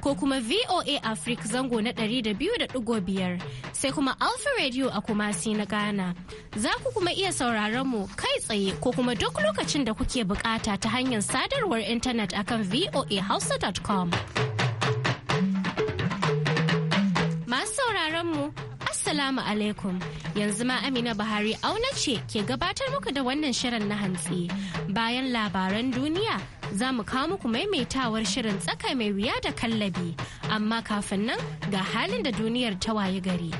ko kuma VOA Africa zango na 200.5 sai kuma Alpha Radio a Kumasi na Ghana. Za ku kuma iya sauraron mu kai tsaye ko kuma duk lokacin da kuke bukata ta hanyar sadarwar intanet akan voahausa.com. Masu sauraron mu Assalamu alaikum yanzu ma Amina Buhari auna ce ke gabatar muku da wannan shirin na hantsi bayan labaran duniya za mu kawo muku maimaitawar shirin tsaka mai wuya da kallabi amma kafin nan ga halin da duniyar ta waye gari.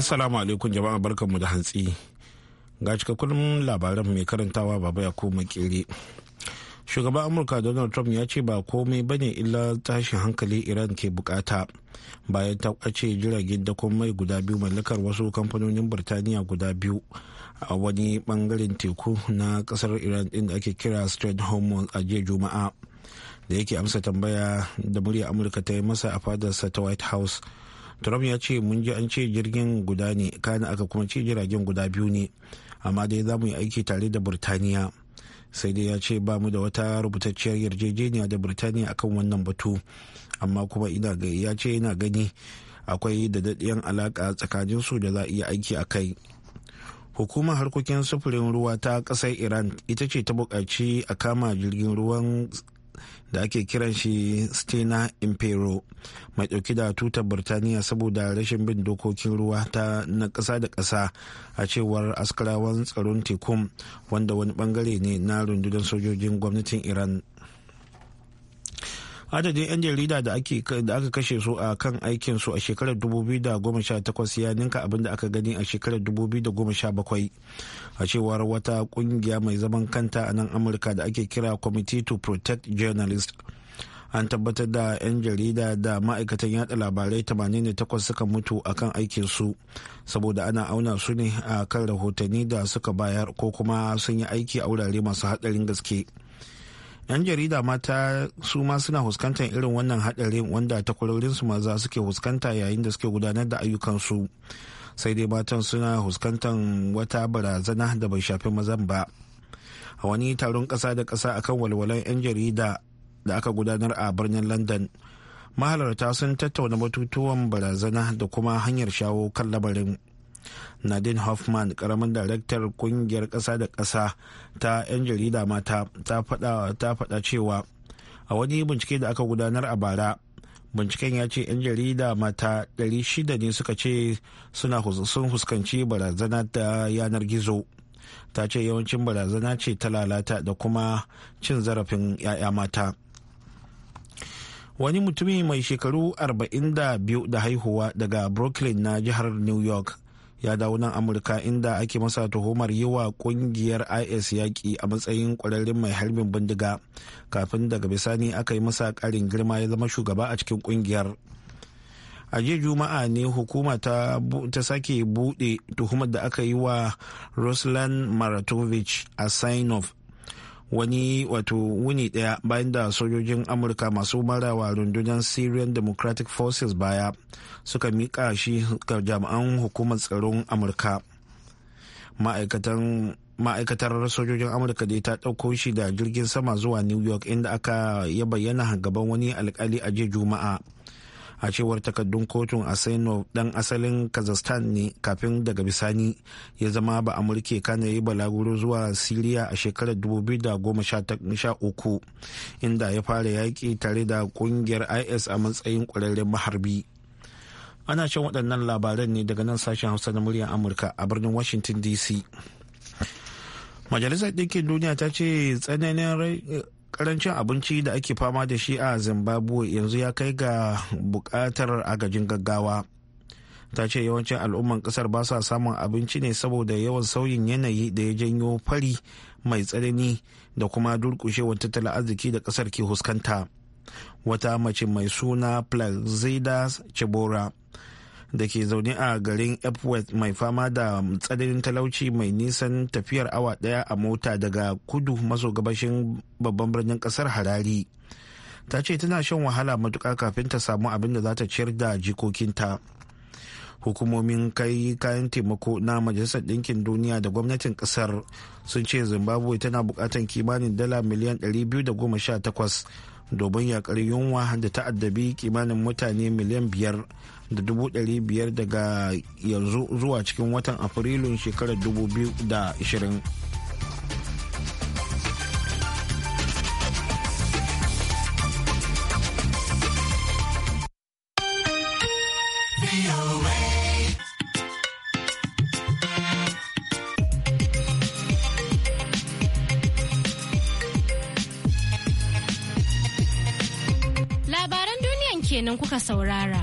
Assalamu alaikum jama'a barkanmu da hantsi. ga cikakkun labaran mai karantawa baba ya koma kere shugaban amurka donald trump ya ce ba komai bane illa tashin hankali iran ke bukata bayan ta kwace jiragen dakon mai guda biyu mallakar wasu kamfanonin birtaniya guda biyu a wani bangaren teku na kasar iran din da ake kira strait hormones a jiya juma'a da yake amsa tambaya da murya amurka ta yi masa a fadarsa ta white house trump ya ce mun ji an ce jirgin guda ne kana aka kuma ce jiragen guda biyu ne amma dai za mu yi aiki tare da burtaniya sai dai ya ce ba mu da wata rubutacciyar yarjejeniya da burtaniya akan wannan batu amma kuma ya ce yana gani akwai da daɗiyan alaƙa tsakanin su da za a iya aiki a kai hukumar harkokin sufurin ruwa ta ƙasar iran ita ce ta buƙaci a kama jirgin ruwan da ake kiran shi stena impero mai dauki da tutar birtaniya saboda rashin bin dokokin ruwa ta na ƙasa da ƙasa a cewar askarawan tsaron tekun wanda wani bangare ne na rundunar sojojin gwamnatin iran adadin 'yan jarida da aka kashe su a kan aikin su a shekarar 2018 ya ninka abin da aka gani a shekarar 2017 a cewar wata kungiya mai zaman kanta a nan amurka da ake kira committee to protect journalists an tabbatar da 'yan jarida da ma'aikatan yada labarai 88 suka mutu a kan aikinsu saboda ana auna su ne a kan rahotanni da suka bayar ko kuma sun yi aiki a wurare masu hadarin gaske. 'yan jarida mata su ma suna fuskantar irin wannan haɗarin wanda su maza suke fuskanta yayin da suke gudanar da ayyukansu sai dai matan suna fuskantar wata barazana da bai shafi mazan ba a wani taron ƙasa da ƙasa akan walwalan 'yan jarida da aka gudanar a birnin london mahalarta sun tattauna batutuwan barazana da kuma hanyar shawo kan labarin nadine hoffman karamin daraktar kungiyar ƙasa da ƙasa ta 'yan jarida mata ta faɗa cewa a wani bincike da aka gudanar a bara binciken ya ce 'yan jarida mata 600 ne suka ce suna sun fuskanci barazana da yanar gizo ta ce yawancin barazana ce ta lalata da kuma cin zarafin 'ya'ya mata wani mutumi mai shekaru 42 da haihuwa daga brooklyn na jihar new york ya dawo nan amurka inda ake masa tuhumar yi wa kungiyar is yaƙi a matsayin ƙwararren mai harbin bindiga kafin daga bisani aka yi masa ƙarin girma ya zama shugaba a cikin kungiyar a jiya juma'a ne hukuma ta, sake buɗe tuhumar da aka yi wa ruslan maratovich a sign wani wato wuni daya bayan da sojojin amurka masu marawa rundunar syrian democratic forces baya suka mika shi ga jami'an hukumar tsaron amurka ma'aikatar sojojin amurka dai ta ɗauko shi da jirgin sama zuwa new york inda aka ya bayyana gaban wani alkali a jiya juma'a a cewar takaddun kotun a saino dan asalin kazakhstan ne kafin daga bisani ya zama ba amurke kana yi balaguro zuwa siriya a shekarar 2013 inda ya fara yaƙi tare da kungiyar is a matsayin ƙwararren maharbi ana shan waɗannan labaran ne daga nan sashen hausa na muryar amurka a birnin washington dc majalisar ɗinkin duniya ta ce tsananin karancin abinci da ake fama da shi a zimbabwe yanzu ya kai ga bukatar agajin gaggawa ta ce yawancin al'umman kasar ba sa samun abinci ne saboda yawan sauyin yanayi da ya janyo fari mai tsanani da kuma durkushewar tattalin arziki da kasar ke huskanta wata mace mai suna plaxida chibora da ke zaune a garin epworth mai fama da tsananin talauci mai nisan tafiyar awa daya a mota daga kudu maso gabashin babban birnin kasar harari ta ce tana shan wahala matuka kafin ta samu abin da za ta ciyar da jikokinta hukumomin kai kayan taimako na majalisar ɗinkin duniya da gwamnatin ƙasar sun ce zimbabwe tana buƙatar kimanin dala miliyan 218 domin yaƙar yunwa da ta'addabi kimanin mutane miliyan biyar da dubu ɗari biyar daga yanzu zuwa cikin watan afrilun shekarar dubu biyu da ashirin. Labaran duniyan kenan kuka saurara.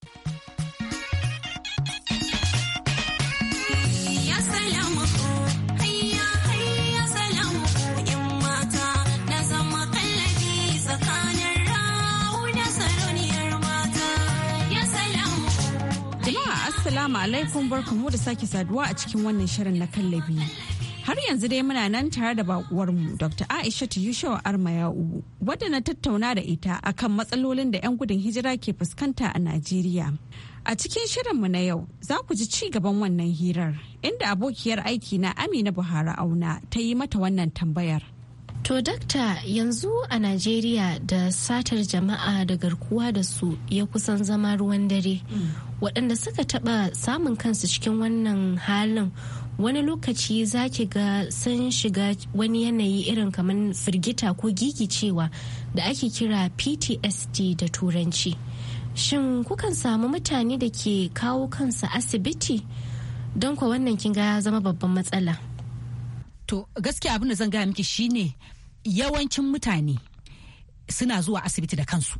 Assalamu alaikum barkamu da sake saduwa a cikin wannan shirin na kallabi. Har yanzu dai muna nan tare da mu, Dr. Aisha Yushewa Armayau wadda na tattauna da ita akan matsalolin da 'yan gudun hijira ke fuskanta a Najeriya. A cikin shirin mu na yau za ku ji ci gaban wannan hirar inda abokiyar aiki na Amina Buhari Auna ta yi mata wannan tambayar. To dakta yanzu a Najeriya da satar jama'a da garkuwa da su ya kusan zama ruwan dare. Waɗanda suka taɓa samun kansu cikin wannan halin wani lokaci za ki ga sun shiga wani yanayi irin kamar firgita ko gigicewa da ake kira PTSD da turanci. Shin kukan samu mutane da ke kawo kansa asibiti? Don kwa wannan kin ga ya zama babban matsala. to gaskiya abin da zan gaya miki shine yawancin mutane suna zuwa asibiti da kansu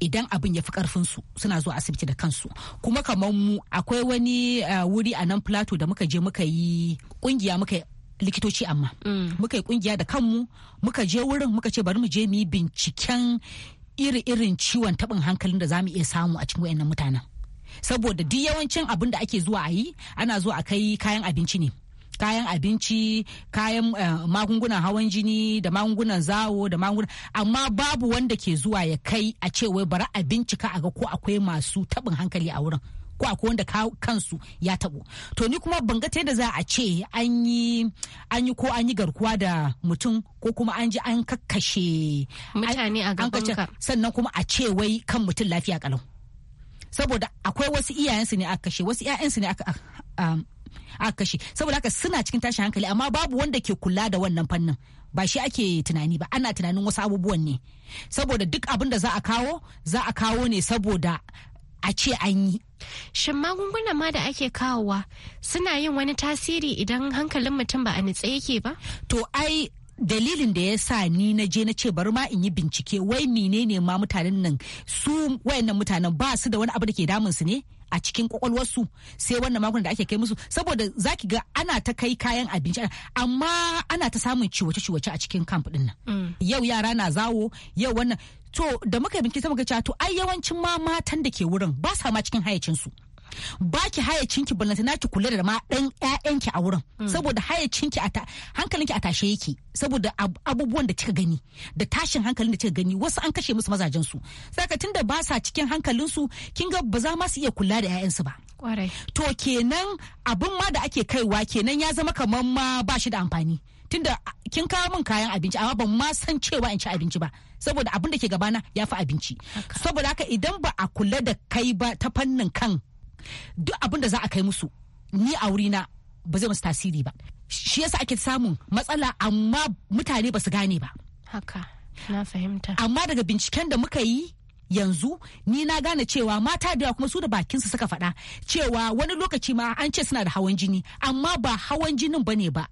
idan abin ya fi su suna zuwa asibiti da kansu kuma kamar mu akwai wani eh, wuri a nan plateau da muka je muka yi kungiya muka likitoci amma mm. muka yi kungiya da kanmu muka je wurin muka ce bari mu je mu yi binciken iri-irin ciwon taɓin hankalin da za mu iya samu a cikin wayannan mutanen saboda duk yawancin abin da ake zuwa a yi ana zuwa a kai kayan abinci ne kayan abinci kayan eh, magungunan hawan jini da magungunan zawo da magungunan amma babu wanda ke zuwa ya kai a ce wai abinci a bincika a ga ko akwai masu tabin hankali a wurin ko akwai wanda kansu ya tabo to ni kuma ban ga yadda za a ce an yi an yi ko an yi garkuwa da mutum ko kuma an ji an kakkashe mutane a ka sannan kuma a ce wai kan mutum lafiya kalau saboda akwai wasu iyayensu ne aka kashe wasu iyayensu ne aka um, aka kashe saboda haka suna cikin tashin hankali amma babu wanda ke kula da wannan fannin ba shi ake tunani ba ana tunanin wasu abubuwan ne saboda duk abin da za a kawo za a kawo ne saboda a ce an yi shin magungunan ma da ake kawowa suna yin wani tasiri idan hankalin mutum ba a nitse yake ba to ai dalilin da ya sa ni na je na ce bari ma in yi bincike wai menene ma mutanen nan su wayannan mutanen ba su da wani abu da ke damun su ne a cikin kwakwalwarsu sai wannan makon da ake kai musu saboda zaki ga ana ta kai kayan abinci amma ana ta samun ciwace-ciwace a cikin camp din nan mm. yau yara na zawo yau wannan to da muka yi binciken sama cewa to ai yawancin ma matan da ke wurin ba sa ma cikin hayacinsu. ba ki hayacinki ballanta na ki kula da ma dan ƴaƴanki a wurin mm. saboda hayacinki a hankalinki a tashe yake saboda abubuwan da kika gani da tashin hankalin da kika gani wasu an kashe musu mazajen su saka tunda ba sa cikin hankalin su kin ga ba za ma su iya kula da ƴaƴansu ba to kenan abun ma da ake kaiwa kenan ya zama kamar ma ba shi da amfani tunda kin kawo min kayan abinci amma ban ma san cewa in ci abinci ba saboda abin da ke gabana ya fi abinci saboda haka idan ba a kula da kai ba ta fannin kan duk abin da za a kai musu ni a wurina ba zai musu tasiri ba shi yasa ake samun matsala amma mutane ba su gane ba haka na fahimta amma daga binciken da muka yi yanzu ni na gane cewa mata da kuma su da bakin su suka faɗa cewa wani lokaci ma an ce suna da hawan jini amma ba hawan jinin ba ne ba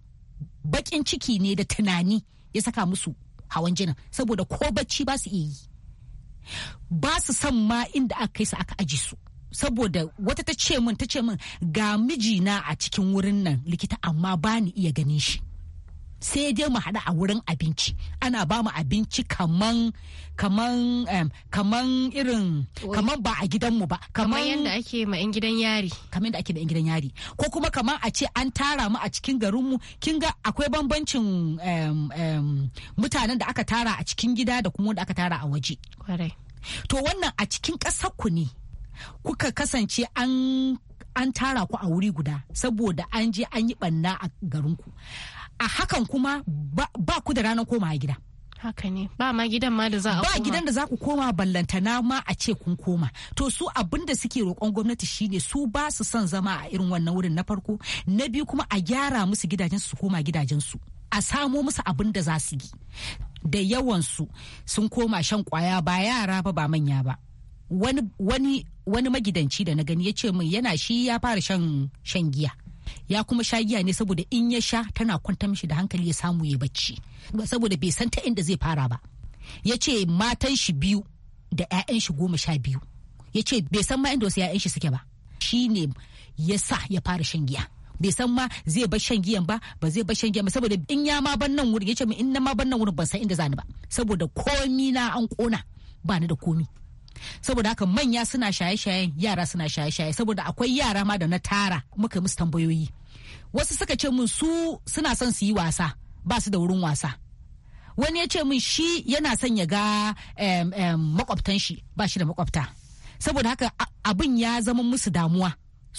bakin ciki ne da tunani ya saka musu hawan jinin saboda ko bacci ba su iya yi ba su san ma inda aka kai su aka aji su saboda wata ta ce min ta ce min ga mijina a cikin wurin nan likita amma ba ni iya ganin shi sai dai mu haɗa a wurin abinci ana ba mu abinci kaman kaman um, kaman irin kaman ba a gidanmu ba kaman yadda ake ma 'yan gidan yari kaman yadda ake da 'yan gidan yari ko kuma kaman a ce an tara mu a cikin garinmu kin ga akwai bambancin um, um, mutanen da aka tara a cikin gida da kuma wanda aka tara a waje to wannan a cikin ƙasar ku ne kuka kasance an an tara ku a wuri guda saboda an je an yi banna a garinku a hakan kuma ba, ku da ranar koma gida haka ne ba ma gidan ma da za a koma. ba gidan da za ku koma ballantana ma a ce kun koma to su abinda suke roƙon gwamnati shine su ba su son zama a irin wannan wurin na farko na biyu kuma a gyara musu gidajen su koma gidajen su a samo musu abin da za su yi da su sun koma shan kwaya ba yara ba ba manya ba wani wani magidanci da na gani ya ce min yana shi ya fara shan shan giya ya kuma sha giya ne saboda in ya sha tana kwanta mishi da hankali ya samu ya bacci saboda bai san ta inda zai fara ba ya ce matan shi biyu da 'ya'yan shi goma sha biyu ya ce bai san ma inda wasu 'ya'yan shi suke ba shi ne ya sa ya fara shan giya bai san ma zai bar shan giyan ba ba zai bar shan giyan ba saboda in ya ma ban nan wurin ya ce in na ma ban nan wurin ban san inda zani ba saboda komi na an kona ba ni da komi saboda haka manya suna shaye-shayen yara suna shaye-shaye saboda akwai yara ma da na tara muka musu tambayoyi wasu suka ce mun su suna son su yi wasa ba su da wurin wasa wani ya ce mun shi yana son ya ga makwabtan shi ba shi da makwabta saboda haka abin ya zama musu damuwa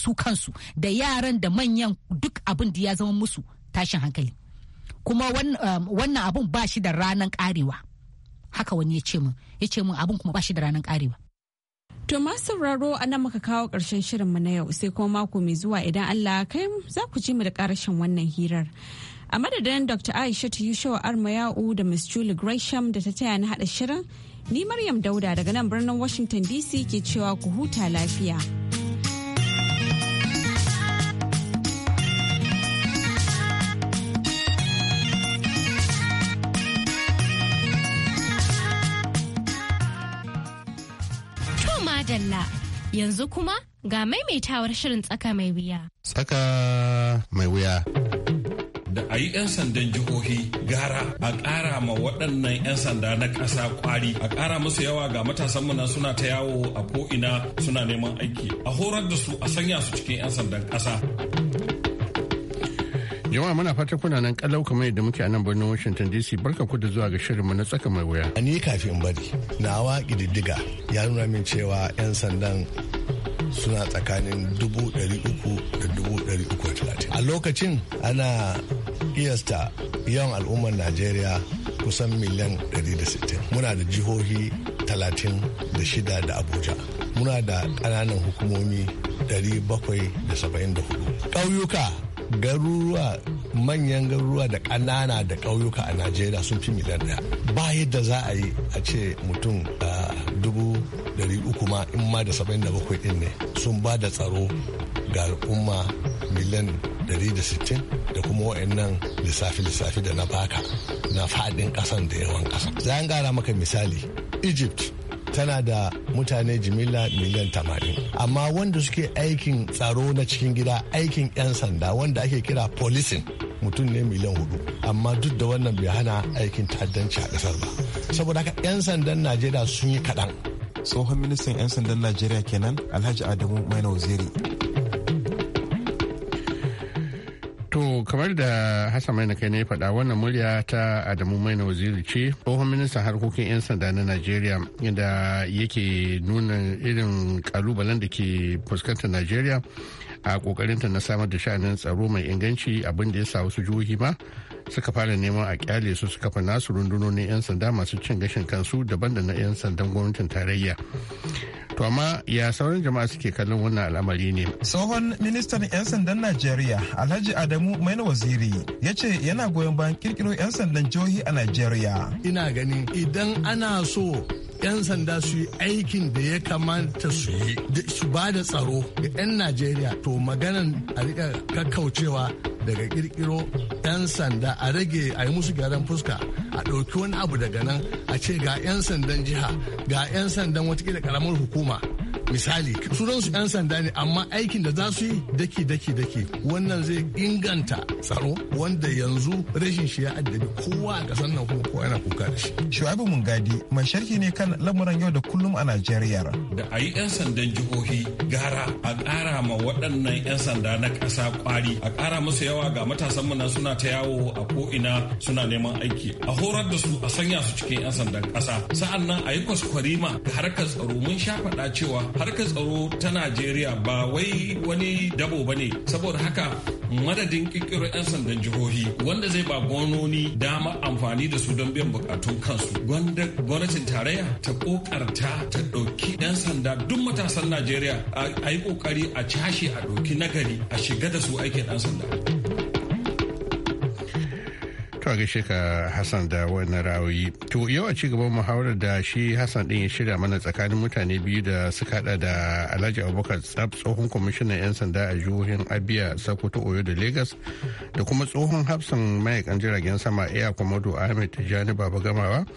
su kansu da yaran da manyan duk abin da ya zama musu tashin hankali kuma wannan abin ba shi da ranan karewa haka wani ya ce min ya ce abin kuma ba da ranar karewa To masu sauraro a nan muka kawo ƙarshen shirinmu na yau sai kuma mako mai zuwa idan Allah kai za ku ji mu da ƙarashin wannan hirar. A madadin Dr. Aisha Yushewa Armayau da Miss Julie Gresham da ta taya na haɗa shirin, ni Maryam Dauda daga nan birnin Washington DC ke cewa ku huta lafiya. Yanzu kuma ga maimaitawar shirin tsaka mai wuya. Tsaka mai wuya. da a yi 'yan sandan jihohi gara a ƙara ma waɗannan 'yan sanda na ƙasa ƙwari a ƙara musu yawa ga matasan nan suna ta yawo a ko'ina suna neman aiki a horar da su a sanya su cikin 'yan sandan ƙasa. Jama'a muna fata kuna nan kalau kamar yadda muke a nan birnin Washington DC barka ku da zuwa ga shirin mu na tsaka mai wuya. Ni kafin bari na nawa kididdiga ya nuna min cewa 'yan sandan suna tsakanin uku da A lokacin ana iyasta yawan al'ummar Najeriya kusan miliyan 160. Muna da jihohi 36 da Abuja. Muna da ƙananan hukumomi 774. Ƙauyuka garuruwa manyan garuruwa da ƙanana da ƙauyuka a najeriya sun fi miliyan ɗaya ba yadda za a yi a ce mutum dubu dari uku ma in ma da saba'in da bakwai ɗin ne sun ba da tsaro ga al'umma miliyan dari da sittin da kuma wa'annan lissafi-lissafi da na baka na faɗin ƙasan da yawan ƙasa. Za gara maka misali, Egypt tana da mutane jimilla miliyan tamanin amma wanda suke aikin tsaro na cikin gida aikin 'yan sanda wanda ake kira policing mutum ne miliyan hudu amma duk da wannan bai hana aikin ta'addanci a kasar ba saboda haka 'yan sandan najeriya sun yi kaɗan tsohon ministan 'yan sandan najeriya kenan alhaji adamu maina waziri kamar da Hassan na kai ne faɗa wannan murya ta Adamu mai na Waziri ce tsohon ministan harkokin 'yan sanda na Najeriya inda yake nuna irin kalubalen da ke fuskantar Najeriya a kokarinta na samar da sha'anin tsaro mai inganci abinda ya sa wasu jihohi ma suka fara neman a kyale su suka fa nasu rundunonin 'yan sanda masu cin gashin kansu daban da na 'yan sandan gwamnatin tarayya to amma ya sauran jama'a suke kallon wannan al'amari ne tsohon ministan 'yan sandan najeriya alhaji adamu maina waziri ya ce yana goyon bayan kirkiro 'yan sandan jihohi a najeriya ina ganin idan ana so 'yan sanda su yi aikin da ya kamata su yi su ba da tsaro ga 'yan najeriya to maganan a rika kakkaucewa daga kirkiro 'yan sanda a rage a yi musu gyaran fuska a ɗauki wani abu daga nan a ce ga 'yan sandan jiha ga 'yan sandan watakila karamar hukuma misali sunan su 'yan sanda ne amma aikin da za su yi daki daki daki wannan zai inganta tsaro wanda yanzu rashin shi ya addabi kowa a ƙasar nan kuma kowa yana kuka da shi. Shu'aibu Mungadi mai sharhi ne kan lamuran yau da kullum a Najeriya. Da a yi 'yan sandan jihohi gara a kara ma waɗannan 'yan sanda na ƙasa kwari a kara musu yawa ga matasan mu suna ta yawo a ko'ina suna neman aiki a horar da su a sanya su cikin 'yan sandan ƙasa sa'an nan a yi kwaskwarima da harkar tsaro mun shafaɗa cewa harkar tsaro ta najeriya ba wai wani dabo ba ne saboda haka madadin kirkiro 'yan sandan jihohi wanda zai ba gononi dama amfani da su don biyan bukatun kansu gwanda gwamnatin tarayya ta kokarta ta ɗauki 'yan sanda duk matasan najeriya a yi kokari a cashe a ɗauki nagari a shiga da su aikin 'yan sanda. To gaishe ka Hassan da wannan ra'ayi. To yau a ci gaban muhawarar da shi Hassan din ya shirya mana tsakanin mutane biyu da suka hada da Alhaji Abubakar Tsab tsohon kwamishinan 'yan sanda a jihohin Abia, Sokoto, Oyo da Lagos da kuma tsohon hafsan mayakan jiragen sama Air Commodore Ahmed Tijjani Baba Gamawa.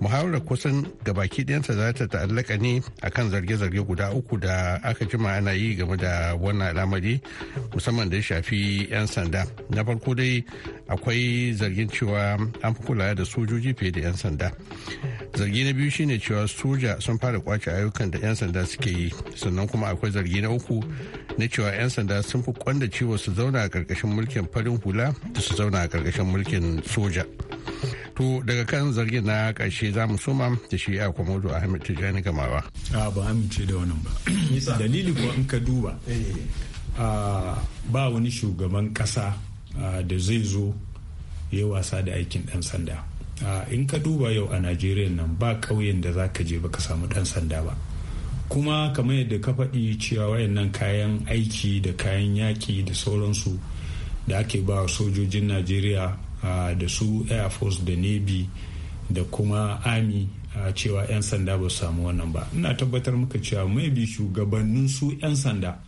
muhawarar kusan gabaki ɗayansa za ta ta'allaka ne akan zarge-zarge guda uku da aka jima ana yi game da wannan al'amari musamman da ya shafi 'yan sanda na farko dai akwai zargin cewa an fi kula da sojoji fiye da 'yan sanda zargi na biyu shine cewa soja sun fara kwace ayyukan da 'yan sanda suke yi sannan kuma akwai zargi na uku na cewa 'yan sanda sun fi kwanda ciwo su zauna a ƙarƙashin mulkin farin hula da su zauna a ƙarƙashin mulkin soja to daga kan zargin na karshe za mu suma da shi ya a kwamodo ahmed tijjani gamawa a ba amince da wannan ba dalili ko in ka duba ba wani shugaban kasa da zai zo ya wasa da aikin dan sanda in ka duba yau a najeriya nan ba ƙauyen da za ka je ba ka samu dan sanda ba kuma kamar yadda ka faɗi cewa wayannan kayan aiki da kayan yaki da sauransu da ake ba sojojin najeriya da su air force da navy da kuma army a cewa 'yan sanda ba su samu wannan ba ina tabbatar muka cewa mai maybe shugabannin su 'yan sanda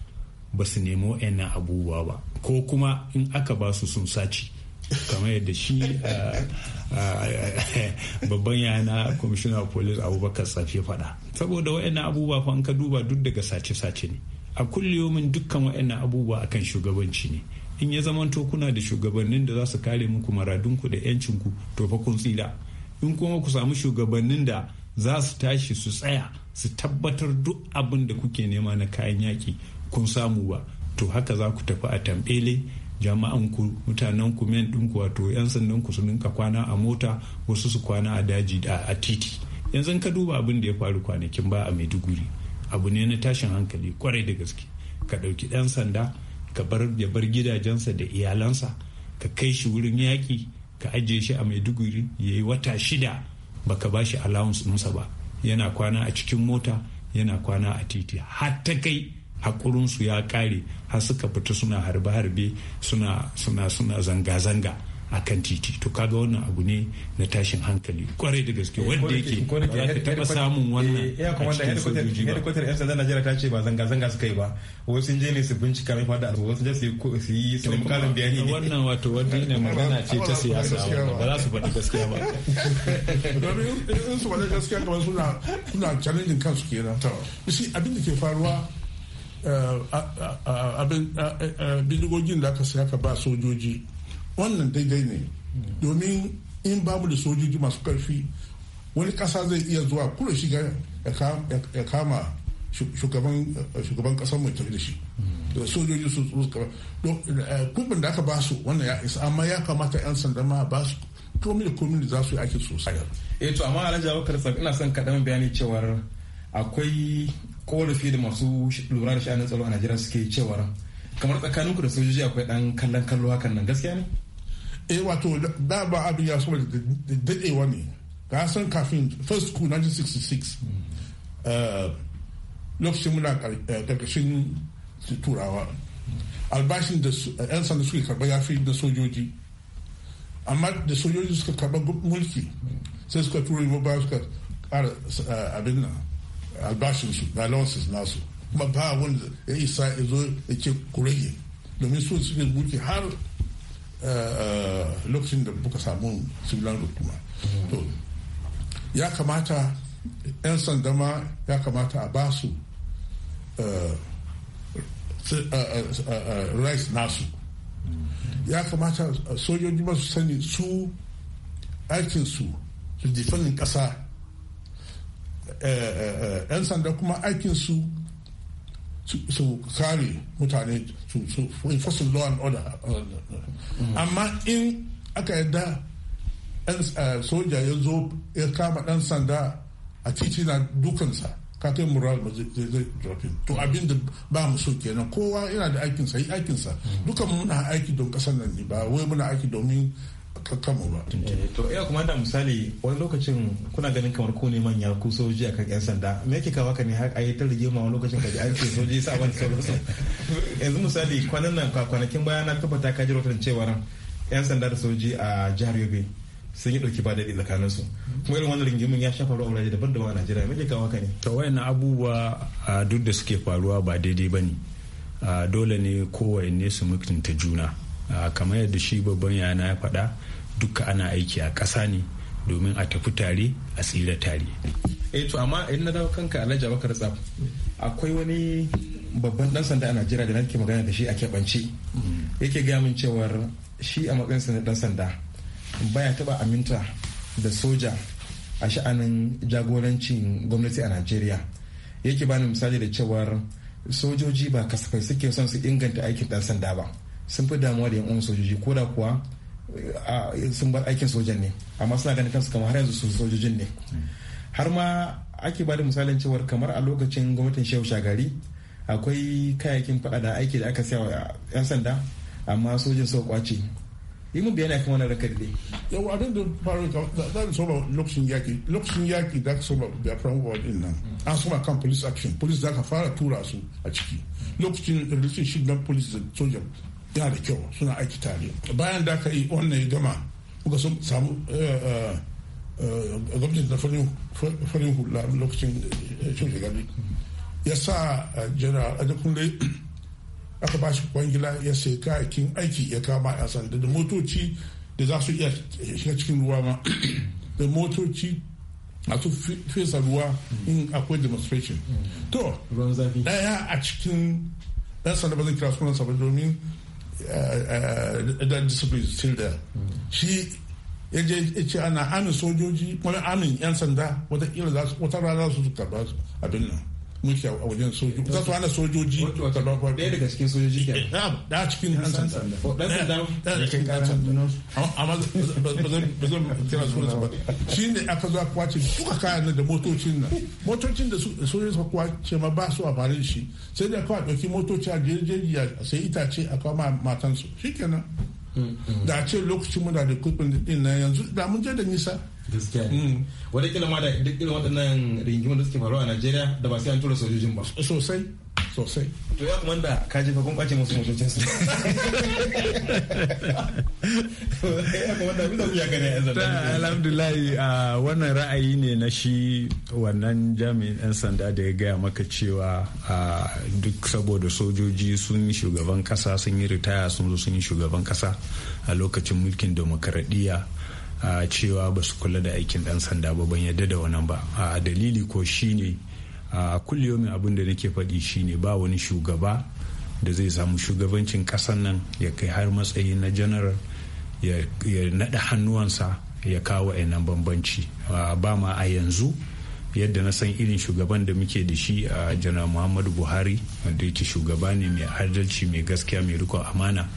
ba su nemo yana abubuwa ba ko kuma in aka ba su sun saci kamar yadda shi babban yana of police abubakar safi fada saboda wa'annan abubuwa fa in ka duba duk daga sace-sace ne a kulliyomin dukkan wa'annan abubuwa akan shugabanci ne in ya zamanto kuna da shugabannin da za su kare muku maradunku da 'yancinku to fa kun tsira in kuma ku samu shugabannin da za su tashi su tsaya su tabbatar duk abin da kuke nema na kayan yaki kun samu ba to haka za ku tafi a tambele jama'an ku mutanen ku men ɗinku wato 'yan sandan ku su ninka kwana a mota wasu su kwana a daji da a titi yanzu ka duba abin da ya faru kwanakin ba a maiduguri abu ne na tashin hankali kwarai da gaske ka ɗauki ɗan sanda ka bar ya bar gidajensa da iyalansa ka kai shi wurin yaƙi ka ajiye shi a maiduguri ya yi wata shida baka ba shi allowance ɗinsa ba yana kwana a cikin mota yana kwana a titi har ta kai hakurinsu ya ƙare har suka fita suna harbe-harbe suna suna suna zanga-zanga a kan titi to kaga wannan abu ne na tashin hankali kwarai da gaske eh, wanda yake ba ka taba samun wannan eh, a cikin sojoji ba hedikwatar yan sandan najeriya ta ce ba zanga-zanga suka yi magana ce ta siyasa ba za su faɗi gaskiya ba domin in su faɗi gaskiya kamar suna suna challenging kansu kenan shi abin da ke faruwa eh, abin bindigogin da aka sai aka ba sojoji wannan daidai ne mm. domin in babu da sojoji masu karfi wani kasa zai iya zuwa kura shiga ya kama shugaban kasar eh, mai tafi da shi mm. da sojoji su kubin eh, da aka ba su wannan ya isa amma ya kamata 'yan sanda ma ba su komi da komi da za su yi aikin sosai eh to amma alhaji abubakar tsaf ina son kaɗan bayani cewar akwai korafi da masu lura da sha'anin tsaro a najeriya suke cewar kamar tsakaninku da sojoji akwai ɗan kallon kallo hakan nan gaskiya ne eh wato da ba abin ya saboda dadewa ne ga san kafin first school 1966 eh, lokacin muna eh, karkashin turawa albashin da eh, yan sanda suke karba ya fi da sojoji amma da sojoji suka karba mulki sai suka turo yi ba suka kara abin nan albashin su da allowances nasu kuma ba wanda ya isa ya zo ya ce kurege domin su suke mulki har Eh, lokacin da muka samu civilian rukuma to ya kamata 'yan sanda ma ya kamata a basu eh, rice nasu ya kamata sojoji masu su sani su aikinsu su difanin ƙasa eh, 'yan sanda kuma aikinsu su kare mutane su su law and order uh, amma in aka yadda uh, soja ya zo ya kama ɗan sanda a titi na dukansa kata kai moral ba zai drafin to abin da ba mu so kenan kowa yana da aikinsa yi aikinsa dukan muna aiki don ƙasar nan ne ba wai muna aiki domin kanmu ba. Eh, to iya kuma da misali wani lokacin kuna ganin kamar ku ne manya ku soji a kan 'yan sanda me yake kawo ka ne har a yi rige ma wani lokacin ka ji an ce soji sa wani sa. Yanzu misali kwanan nan kwanakin baya na tabbata ka ji rahoton cewa 'yan sanda da soji a jihar Yobe sun yi ɗauki ba daɗi tsakanin su kuma irin wannan rigimin ya shafa ruwa da daban-daban a Najeriya me yake kawo ka ne. To wayannan abubuwa duk da suke faruwa ba daidai ba ne dole ne ne su mutunta juna. Ah, kamar yadda shi babban yana ya faɗa duka ana aiki a ƙasa ne domin a tafi tare a tsira tare eh to amma in na dawo kanka alhaji abakar tsaf akwai wani babban dan sanda a najeriya da nake magana da shi a keɓance yake gaya min cewar shi a matsayinsa na dan sanda baya taba aminta da soja a sha'anin jagorancin gwamnati a najeriya yake bani misali da cewar sojoji ba kasafai suke son su inganta aikin dan sanda ba sun fi damuwa da yan sojoji ko da kuwa sun bar aikin sojan ne amma suna ganin kansu kamar har yanzu su sojojin ne har ma ake ba da misalin cewar kamar a lokacin gwamnatin shehu shagari akwai kayayyakin fada da aiki da aka siya wa 'yan sanda amma sojin sau kwace yi mu biyana kan wannan rakar dai yau abin da faru da sort ba lokacin yaki lokacin yaki da sort of da from war din nan an soma kan police action police za ka fara tura su a ciki lokacin da shi na police da yana da kyau suna aiki tare bayan da aka yi wannan ya gama kuka sun samu eh, eh, eh, gwamnati da farin hula lokacin shugabani ya sa general adekunle aka ba shi kwangila ya sai kayakin aiki ya kama a sanda da motoci da za su iya shiga cikin ruwa ma da motoci su fesa ruwa in akwai demonstration to daya a cikin ɗan sanda ba zan kira sunan sa domin Uh, uh, dan discipline children shi ya je ya ce ana amin sojoji kuma amin yan sanda wata rana za su karba abin nan mulki a wajen soji za su hana sojoji ɗaya daga cikin sojoji ke da eh, cikin ɗan sanda ɗan sanda da cikin ɗan sanda amma ba zan kira su ba shi ne aka zo kwace duka kayan da motocin nan motocin da sojoji suka kwace ma ba su a farin shi sai da kawai ɗauki motoci a jirgin ya sai itace a kawo matansu shikenan hmm, hmm. da a ce lokacin muna da kudin din nan yanzu da mun je da nisa gaskiya ne mm. wata kila ma da duk irin waɗannan rigimar da suke faruwa a Najeriya da ba sai an tura sojojin ba sosai sosai to ya kuma da ka jefa kun kwace musu motocin su ya kuma da bisa kuya gane yan sanda alhamdulillah wannan ra'ayi ne na shi wannan jami'in yan sanda da ya gaya maka cewa duk saboda sojoji sun yi shugaban kasa sun yi ritaya sun zo sun yi shugaban kasa a lokacin mulkin demokaradiyya a cewa ba su kula da aikin dan sanda ba ban yadda da wannan ba a dalili ko shine a kulliyomin abin da nake faɗi shine ba wani shugaba da zai samu shugabancin ƙasar nan ya kai har matsayi na janaral ya naɗa hannuwansa ya kawo nan bambanci ba ma a yanzu yadda na san irin shugaban da muke da shi a janar muhammadu buhari wanda yake shugaba ne mai adalci mai gaskiya mai rikon amana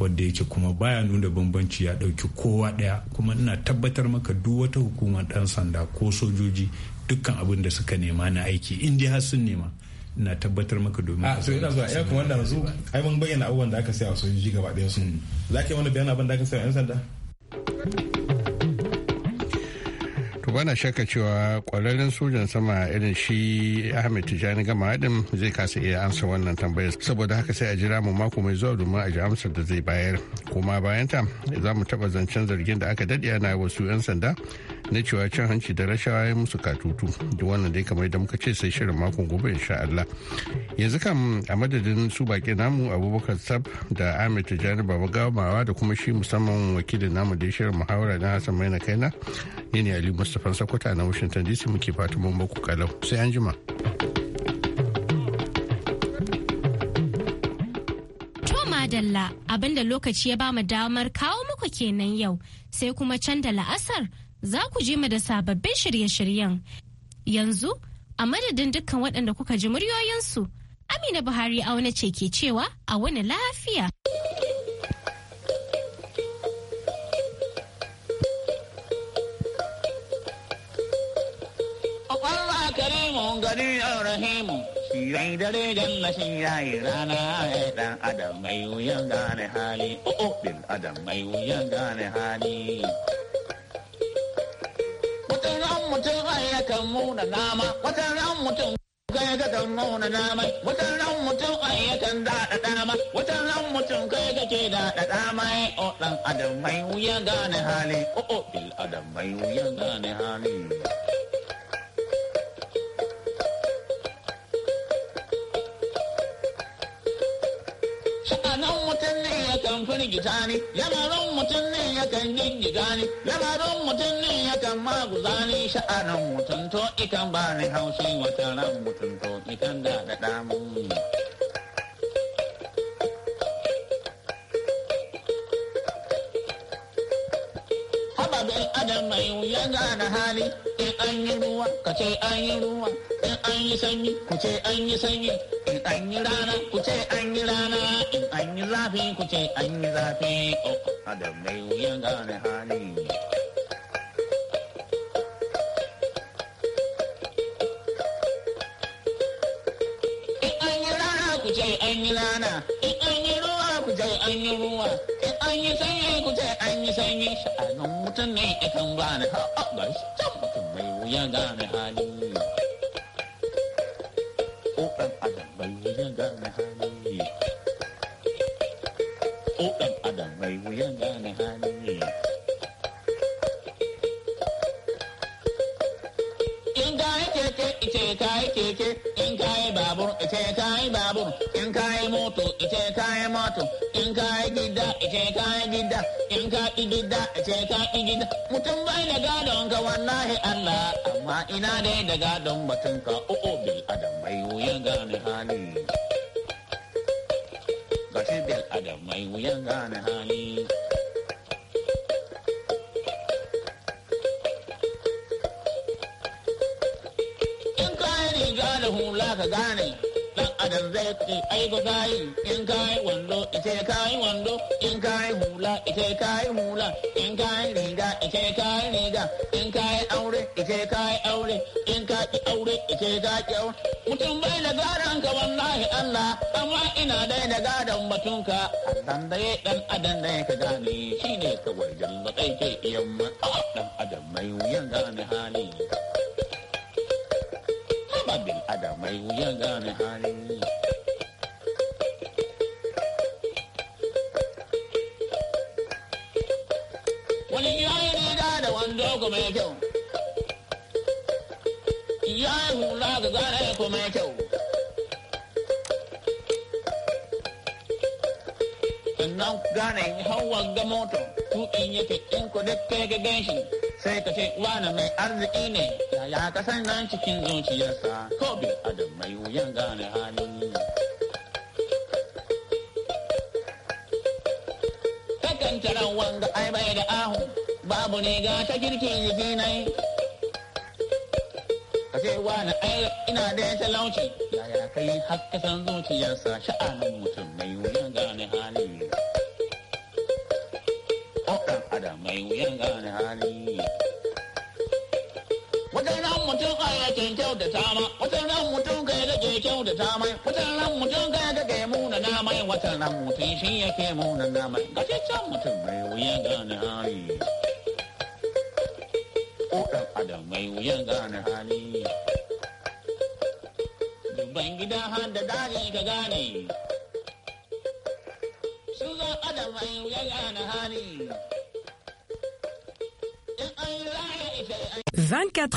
wanda yake kuma baya nuna bambanci ya ɗauki kowa ɗaya kuma ina tabbatar maka duk wata hukumar ɗan sanda ko sojoji dukkan abin da suka nema na aiki in dai har sun nema ina tabbatar maka domin ah, a so ina zuwa ya kuma wanda yanzu ai mun bayyana abubuwan da aka sai a sojoji gaba ɗaya su hmm. za ka yi wani bayanin abin da aka sai a 'yan sanda to bana shaka cewa kwararren sojan sama irin shi ahmed tijani gama haɗin zai kasa iya amsa wannan tambayar saboda haka sai a jira mu mako mai zuwa domin a ji amsar da zai bayar kuma bayanta ta za mu taba zancen zargin da aka daɗe ana wasu 'yan sanda na cewa cin hanci da rashawa ya musu katutu da wannan dai kamar da muka ce sai shirin makon gobe insha Allah yanzu kam a madadin su baki namu abubakar sab da ahmed tijani baba gamawa da kuma shi musamman wakilin namu da shirin muhawara na hassan maina kaina ne ne ali mustapha sakwata na washington dc muke fatan mun baku kalau sai an jima. abin da lokaci ya ba mu damar kawo muku kenan yau sai kuma can da la'asar za ku je mu da sababbin shirye-shiryen. Yanzu, a madadin dukkan waɗanda kuka ji muryoyinsu, Amina Buhari auna ce ke cewa a wani lafiya. Karimu gari rahimu shirai dare shirai rana ya dan adam mai wuyan gane hali. Oh, oh adam mai wuyan gane hali. mutum ai kan muna nama watan ran mutum kai kan nuna nama watan ran mutum kan da daɗaɗa ma watan ran mutum kai kake daɗaɗa ma o dan adam mai wuya gane hali o o bil adam mai wuya gane hali. girgita ni lamarin mutum ne yakan girgiza ni lamarin mutum ne kan maguza ni sha'anin mutum to ikan ba ni haushi wata ran mutum to ikan da da damun abin adam mai wuya gane hali in an yi ruwa ka ce an yi ruwa in an yi sanyi ku ce an yi sanyi in an yi rana ku ce an yi rana in an yi zafi ku ce an yi zafi oh, oh, oh. adam mai wuyan gane hali in an yi rana ku ce an yi ruwa ku ce an yi ruwa in an yi sanyi ku ce an yi sanyi sha'anin mutum ne ikan gane ha'a ga shi can mutum mai wuyan gane hali Oh, wuyan gane hali. Ko ɗan adam mai wuyan keke in kayi babur ita kayi babur in kayi moto ita kayi moto in kayi gida ita kayi gida in kayi gida ita kayi gida mutum bai da gadon ka wallahi Allah amma ina dai da gadon batun ka o'o bil adam mai wuyan gane hali gashi bil adam mai wuyan gane hali gane dan adam zai ce ai go in kai wando ite kai wando in kai hula ite kai hula in kai riga ite kai riga in kai aure ite kai aure in kai aure ite kai aure mutum bai da garan ka wallahi Allah amma ina dai da garan batun ka dan dai dan adam da ka gane shine kawai jannat kai ke yamma dan adam mai wuyan gane hali taba bin adam mai wuyan gane halin wani ya yi riga da wando ku mai kyau yayi hula ga gane ku mai kyau sannan gane hawa ga moto tukin yake in ku duk kai ga ganshi sai ka ce wani mai arziki ne yaya ka san nan cikin zuciyarsa ko bi adam mai wuyan gane hali kakan taran wanga ai bai da ahu babu ne ga ta girkin yi ce wani ai ina da talauci yaya kai har kasan zuciyarsa sha'anin mutum mai wuyan gane hali ɗan adam mai wuyan gane hali wata ran mutum kaya ke kyautata ma wata ran mutum ka da ke kyautata mai wata ran mutum ka da ke muna na mai wata mutum shi yake muna na mai gacaccen mutum mai wuyan gane hali ko ɗan adam mai wuyan gane hali dubban gida har da dali ka gane su adam mai 24